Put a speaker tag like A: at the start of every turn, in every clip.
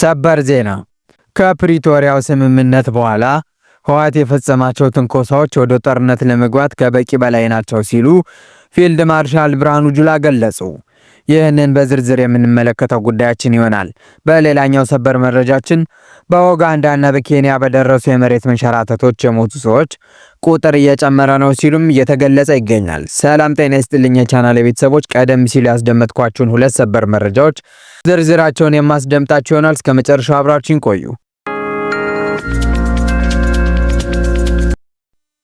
A: ሰበር ዜና። ከፕሪቶሪያው ስምምነት በኋላ ህወሓት የፈጸማቸው ትንኮሳዎች ወደ ጦርነት ለመግባት ከበቂ በላይ ናቸው ሲሉ ፊልድ ማርሻል ብርሃኑ ጁላ ገለጹ። ይህንን በዝርዝር የምንመለከተው ጉዳያችን ይሆናል። በሌላኛው ሰበር መረጃችን በኡጋንዳና በኬንያ በደረሱ የመሬት መንሸራተቶች የሞቱ ሰዎች ቁጥር እየጨመረ ነው ሲሉም እየተገለጸ ይገኛል። ሰላም ጤና ይስጥልኝ የቻናል ቤተሰቦች፣ ቀደም ሲሉ ያስደመጥኳችሁን ሁለት ሰበር መረጃዎች ዝርዝራቸውን የማስደምጣቸው ይሆናል። እስከ መጨረሻው አብራችን ቆዩ።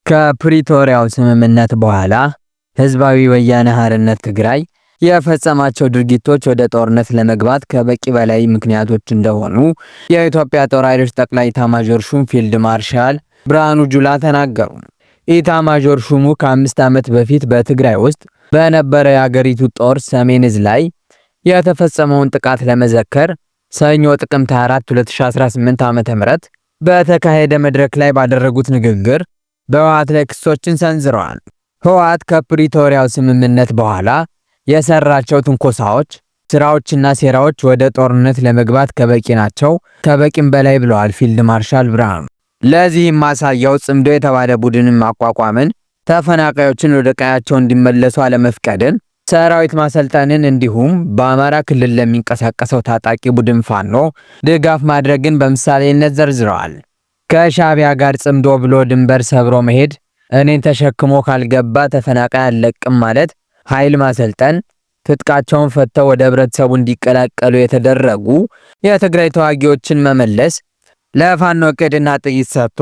A: ከፕሪቶሪያው ስምምነት በኋላ ህዝባዊ ወያነ ሓርነት ትግራይ የፈጸማቸው ድርጊቶች ወደ ጦርነት ለመግባት ከበቂ በላይ ምክንያቶች እንደሆኑ የኢትዮጵያ ጦር ኃይሎች ጠቅላይ ኢታማዦር ሹም ፊልድ ማርሻል ብርሃኑ ጁላ ተናገሩ። ኢታማዦር ሹሙ ከአምስት ዓመት በፊት በትግራይ ውስጥ በነበረ የአገሪቱ ጦር ሰሜን እዝ ላይ የተፈጸመውን ጥቃት ለመዘከር ሰኞ ጥቅምት 24 2018 ዓ.ም በተካሄደ መድረክ ላይ ባደረጉት ንግግር በህወሓት ላይ ክሶችን ሰንዝረዋል። ህወሓት ከፕሪቶሪያው ስምምነት በኋላ የሰራቸው ትንኮሳዎች፣ ስራዎችና ሴራዎች ወደ ጦርነት ለመግባት ከበቂ ናቸው፣ ከበቂም በላይ ብለዋል ፊልድ ማርሻል ብርሃኑ። ለዚህም ማሳያው ጽምዶ የተባለ ቡድንን ማቋቋምን፣ ተፈናቃዮችን ወደ ቀያቸው እንዲመለሱ አለመፍቀድን ሰራዊት ማሰልጠንን እንዲሁም በአማራ ክልል ለሚንቀሳቀሰው ታጣቂ ቡድን ፋኖ ድጋፍ ማድረግን በምሳሌነት ዘርዝረዋል። ከሻቢያ ጋር ጽምዶ ብሎ ድንበር ሰብሮ መሄድ፣ እኔን ተሸክሞ ካልገባ ተፈናቃይ አለቅም ማለት፣ ኃይል ማሰልጠን ትጥቃቸውን ፈተው ወደ ህብረተሰቡ እንዲቀላቀሉ የተደረጉ የትግራይ ተዋጊዎችን መመለስ፣ ለፋኖ እቅድና ጥይት ሰጥቶ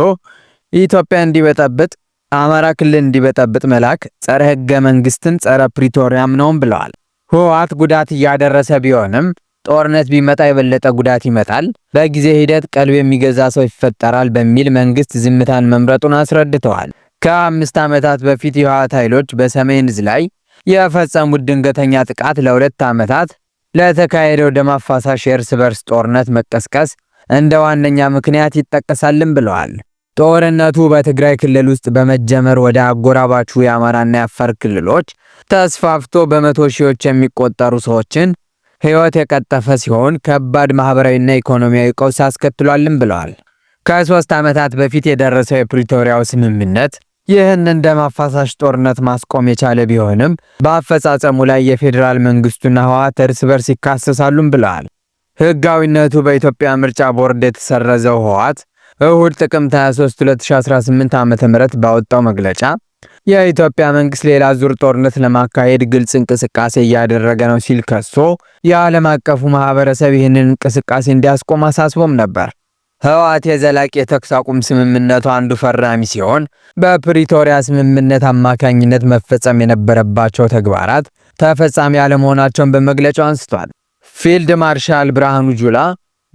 A: ኢትዮጵያ እንዲበጠብጥ አማራ ክልል እንዲበጠብጥ መላክ ጸረ ህገ መንግስትን ጸረ ፕሪቶሪያም ነውም ብለዋል። ህወሓት ጉዳት እያደረሰ ቢሆንም ጦርነት ቢመጣ የበለጠ ጉዳት ይመጣል፣ በጊዜ ሂደት ቀልብ የሚገዛ ሰው ይፈጠራል በሚል መንግስት ዝምታን መምረጡን አስረድተዋል። ከአምስት ዓመታት በፊት የህወሓት ኃይሎች በሰሜን ዕዝ ላይ የፈጸሙት ድንገተኛ ጥቃት ለሁለት ዓመታት ለተካሄደው ደም አፋሳሽ የእርስ በርስ ጦርነት መቀስቀስ እንደ ዋነኛ ምክንያት ይጠቀሳልም ብለዋል። ጦርነቱ በትግራይ ክልል ውስጥ በመጀመር ወደ አጎራባቹ የአማራና የአፋር ክልሎች ተስፋፍቶ በመቶ ሺዎች የሚቆጠሩ ሰዎችን ሕይወት የቀጠፈ ሲሆን ከባድ ማኅበራዊና ኢኮኖሚያዊ ቀውስ አስከትሏልም ብለዋል። ከሦስት ዓመታት በፊት የደረሰው የፕሪቶሪያው ስምምነት ይህን እንደ ማፋሳሽ ጦርነት ማስቆም የቻለ ቢሆንም በአፈጻጸሙ ላይ የፌዴራል መንግስቱና ህወሓት እርስ በርስ ይካሰሳሉም ብለዋል። ሕጋዊነቱ በኢትዮጵያ ምርጫ ቦርድ የተሰረዘው ህወሓት እሁድ ጥቅምት 23 2018 ዓ.ም ባወጣው መግለጫ የኢትዮጵያ መንግስት ሌላ ዙር ጦርነት ለማካሄድ ግልጽ እንቅስቃሴ እያደረገ ነው ሲል ከሶ የዓለም አቀፉ ማህበረሰብ ይህንን እንቅስቃሴ እንዲያስቆም አሳስቦም ነበር። ህወሓት የዘላቂ የተኩስ አቁም ስምምነቱ አንዱ ፈራሚ ሲሆን በፕሪቶሪያ ስምምነት አማካኝነት መፈጸም የነበረባቸው ተግባራት ተፈጻሚ አለመሆናቸውን በመግለጫው አንስቷል። ፊልድ ማርሻል ብርሃኑ ጁላ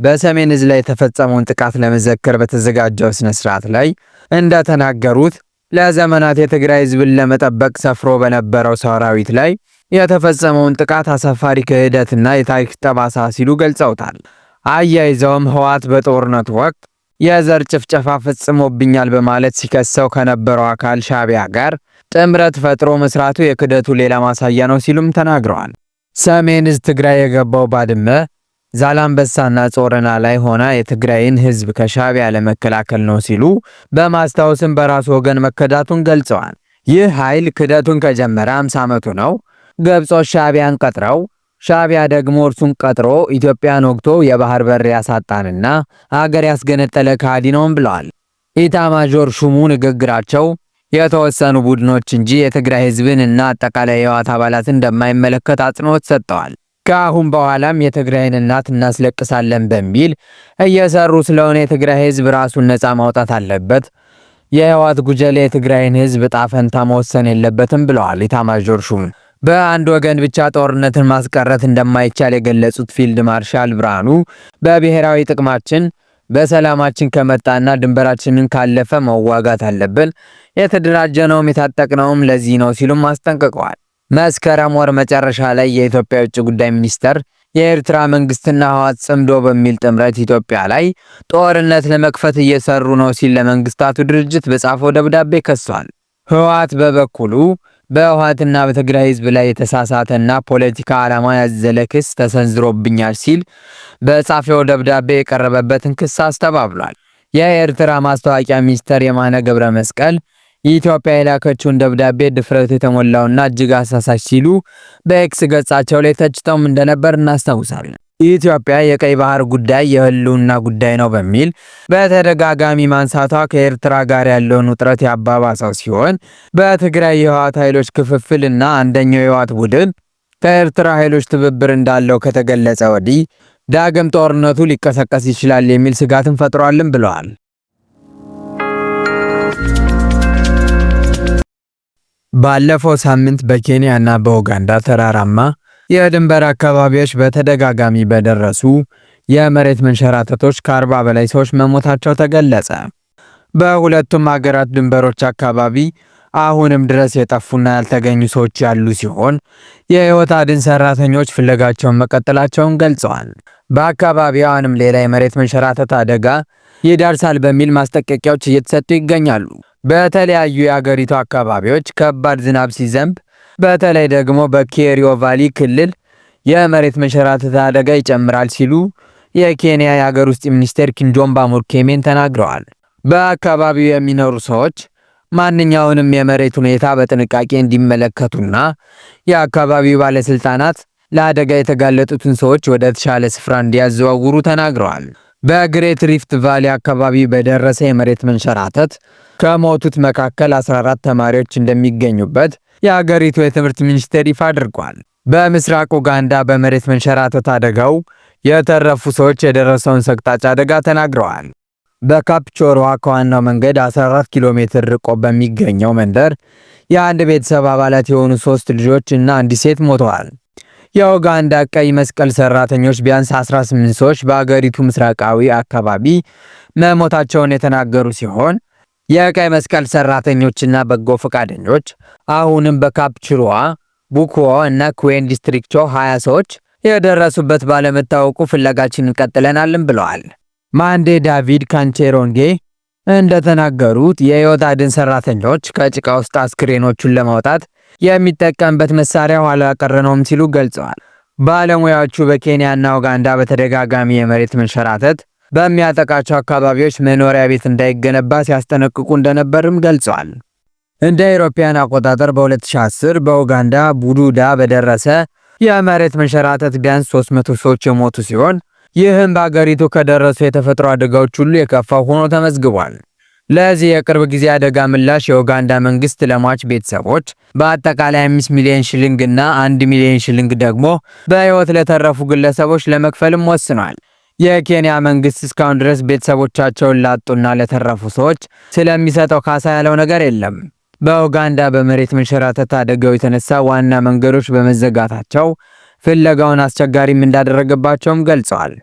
A: በሰሜን ዕዝ ላይ የተፈጸመውን ጥቃት ለመዘከር በተዘጋጀው ስነ ስርዓት ላይ እንደተናገሩት ለዘመናት የትግራይ ህዝብን ለመጠበቅ ሰፍሮ በነበረው ሰራዊት ላይ የተፈጸመውን ጥቃት አሳፋሪ ክህደትና የታሪክ ጠባሳ ሲሉ ገልጸውታል። አያይዘውም ህወሓት በጦርነቱ ወቅት የዘር ጭፍጨፋ ፈጽሞብኛል በማለት ሲከሰው ከነበረው አካል ሻቢያ ጋር ጥምረት ፈጥሮ መስራቱ የክደቱ ሌላ ማሳያ ነው ሲሉም ተናግረዋል። ሰሜን ህዝብ ትግራይ የገባው ባድመ ዛላምበሳና ጾረና ላይ ሆና የትግራይን ሕዝብ ከሻቢያ ለመከላከል ነው ሲሉ በማስታወስም በራሱ ወገን መከዳቱን ገልጸዋል። ይህ ኃይል ክደቱን ከጀመረ 50 ዓመቱ ነው። ግብጾች ሻቢያን ቀጥረው ሻቢያ ደግሞ እርሱን ቀጥሮ ኢትዮጵያን ወግቶ የባህር በር ያሳጣንና አገር ያስገነጠለ ከሃዲ ነውም ብለዋል። ኢታማዦር ሹሙ ንግግራቸው የተወሰኑ ቡድኖች እንጂ የትግራይ ሕዝብን እና አጠቃላይ የህወሓት አባላትን እንደማይመለከት አጽንኦት ሰጥተዋል። ከአሁን በኋላም የትግራይን እናት እናስለቅሳለን በሚል እየሰሩ ስለሆነ የትግራይ ህዝብ ራሱን ነፃ ማውጣት አለበት። የህወሓት ጉጀሌ የትግራይን ህዝብ ዕጣ ፈንታ መወሰን የለበትም ብለዋል ኢታማዦር ሹም። በአንድ ወገን ብቻ ጦርነትን ማስቀረት እንደማይቻል የገለጹት ፊልድ ማርሻል ብርሃኑ በብሔራዊ ጥቅማችን በሰላማችን ከመጣና ድንበራችንን ካለፈ መዋጋት አለብን። የተደራጀነውም የታጠቅነውም ለዚህ ነው ሲሉም አስጠንቅቀዋል። መስከረም ወር መጨረሻ ላይ የኢትዮጵያ የውጭ ጉዳይ ሚኒስቴር የኤርትራ መንግስትና ህወሓት ጽምዶ በሚል ጥምረት ኢትዮጵያ ላይ ጦርነት ለመክፈት እየሰሩ ነው ሲል ለመንግስታቱ ድርጅት በጻፈው ደብዳቤ ከሷል። ህወሓት በበኩሉ በህወሓትና በትግራይ ህዝብ ላይ የተሳሳተና ፖለቲካ ዓላማ ያዘለ ክስ ተሰንዝሮብኛል ሲል በጻፈው ደብዳቤ የቀረበበትን ክስ አስተባብሏል። የኤርትራ ማስታወቂያ ሚኒስትር የማነ ገብረ መስቀል የኢትዮጵያ የላከችውን ደብዳቤ ድፍረት የተሞላውና እጅግ አሳሳች ሲሉ በኤክስ ገጻቸው ላይ ተችተውም እንደነበር እናስታውሳለን። ኢትዮጵያ የቀይ ባህር ጉዳይ የህልውና ጉዳይ ነው በሚል በተደጋጋሚ ማንሳቷ ከኤርትራ ጋር ያለውን ውጥረት ያባባሰው ሲሆን በትግራይ የህወሓት ኃይሎች ክፍፍል እና አንደኛው የህወሓት ቡድን ከኤርትራ ኃይሎች ትብብር እንዳለው ከተገለጸ ወዲህ ዳግም ጦርነቱ ሊቀሰቀስ ይችላል የሚል ስጋትን ፈጥሯልም ብለዋል። ባለፈው ሳምንት በኬንያ እና በኡጋንዳ ተራራማ የድንበር አካባቢዎች በተደጋጋሚ በደረሱ የመሬት መንሸራተቶች ከ40 በላይ ሰዎች መሞታቸው ተገለጸ። በሁለቱም አገራት ድንበሮች አካባቢ አሁንም ድረስ የጠፉና ያልተገኙ ሰዎች ያሉ ሲሆን የህይወት አድን ሰራተኞች ፍለጋቸውን መቀጠላቸውን ገልጸዋል። በአካባቢው አሁንም ሌላ የመሬት መንሸራተት አደጋ ይደርሳል በሚል ማስጠንቀቂያዎች እየተሰጡ ይገኛሉ። በተለያዩ የአገሪቱ አካባቢዎች ከባድ ዝናብ ሲዘንብ በተለይ ደግሞ በኬሪዮ ቫሊ ክልል የመሬት መንሸራተት አደጋ ይጨምራል ሲሉ የኬንያ የአገር ውስጥ ሚኒስቴር ኪንጆምባ ሙርኬሜን ተናግረዋል። በአካባቢው የሚኖሩ ሰዎች ማንኛውንም የመሬት ሁኔታ በጥንቃቄ እንዲመለከቱና የአካባቢው ባለስልጣናት ለአደጋ የተጋለጡትን ሰዎች ወደ ተሻለ ስፍራ እንዲያዘዋውሩ ተናግረዋል። በግሬት ሪፍት ቫሊ አካባቢ በደረሰ የመሬት መንሸራተት ከሞቱት መካከል 14 ተማሪዎች እንደሚገኙበት የአገሪቱ የትምህርት ሚኒስቴር ይፋ አድርጓል። በምስራቅ ኡጋንዳ በመሬት መንሸራተት አደጋው የተረፉ ሰዎች የደረሰውን ሰቅጣጭ አደጋ ተናግረዋል። በካፕቾሮዋ ከዋናው መንገድ 14 ኪሎ ሜትር ርቆ በሚገኘው መንደር የአንድ ቤተሰብ አባላት የሆኑ ሶስት ልጆች እና አንዲት ሴት ሞተዋል። የኡጋንዳ ቀይ መስቀል ሰራተኞች ቢያንስ 18 ሰዎች በአገሪቱ ምስራቃዊ አካባቢ መሞታቸውን የተናገሩ ሲሆን የቀይ መስቀል ሰራተኞችና በጎ ፈቃደኞች አሁንም በካፕቹሩዋ፣ ቡኩዎ እና ኩዌን ዲስትሪክቾ 20 ሰዎች የደረሱበት ባለመታወቁ ፍለጋችን ቀጥለናልን ብለዋል። ማንዴ ዳቪድ ካንቼሮንጌ እንደተናገሩት የህይወት አድን ሰራተኞች ከጭቃ ውስጥ አስክሬኖቹን ለማውጣት የሚጠቀምበት መሳሪያ ኋላ ቀር ነውም ሲሉ ገልጸዋል። ባለሙያዎቹ በኬንያና ኡጋንዳ በተደጋጋሚ የመሬት መንሸራተት በሚያጠቃቸው አካባቢዎች መኖሪያ ቤት እንዳይገነባ ሲያስጠነቅቁ እንደነበርም ገልጸዋል። እንደ አውሮፓውያን አቆጣጠር በ2010 በኡጋንዳ ቡዱዳ በደረሰ የመሬት መንሸራተት ቢያንስ 300 ሰዎች የሞቱ ሲሆን ይህም በአገሪቱ ከደረሱ የተፈጥሮ አደጋዎች ሁሉ የከፋው ሆኖ ተመዝግቧል። ለዚህ የቅርብ ጊዜ አደጋ ምላሽ የኡጋንዳ መንግስት ለሟች ቤተሰቦች በአጠቃላይ 5 ሚሊዮን ሽልንግ እና 1 ሚሊዮን ሽልንግ ደግሞ በህይወት ለተረፉ ግለሰቦች ለመክፈልም ወስኗል። የኬንያ መንግስት እስካሁን ድረስ ቤተሰቦቻቸውን ላጡና ለተረፉ ሰዎች ስለሚሰጠው ካሳ ያለው ነገር የለም። በኡጋንዳ በመሬት መንሸራተት አደጋው የተነሳ ዋና መንገዶች በመዘጋታቸው ፍለጋውን አስቸጋሪም እንዳደረገባቸውም ገልጸዋል።